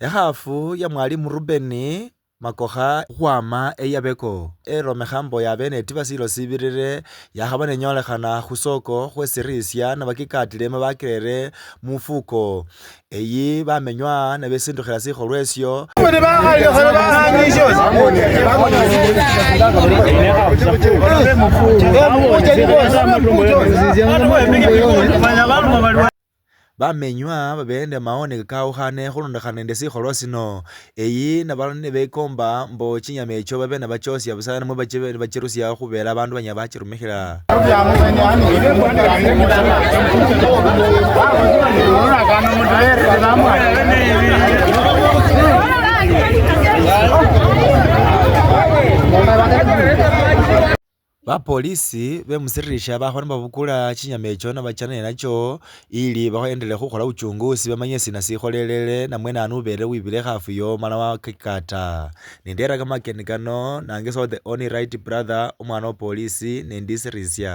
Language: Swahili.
ekhafu ya mwalimu Ruben Makokha khukhwama e'Yabeko elomekha mbo yaba netiba silo sibirire yakhaba nenyolekhana khusoko khwesirisya nabakikatilemo bakirere mufuko eyi bamenywa nebesindukhila sikholwa esyo bamenywa babendemawo ne kakawukhane khulondekhana nende sikholwa sino eyi nabalo nebekomba mbo chinyama echo babe nebachosia busa namwe bachirusia khubela bandu banyala bachirumikhila Bapolisi bemusirisha bakhona babukula kyinyama ekyo nebakana nakyo ili bakhendele khukhola uchungusi bamanye sina sikholelele namwe nani ubele wibile ikhafu iyo mala wakikata. Nindera kamakeni kano nange so the only right brother umwana wa polisi nindisirisha.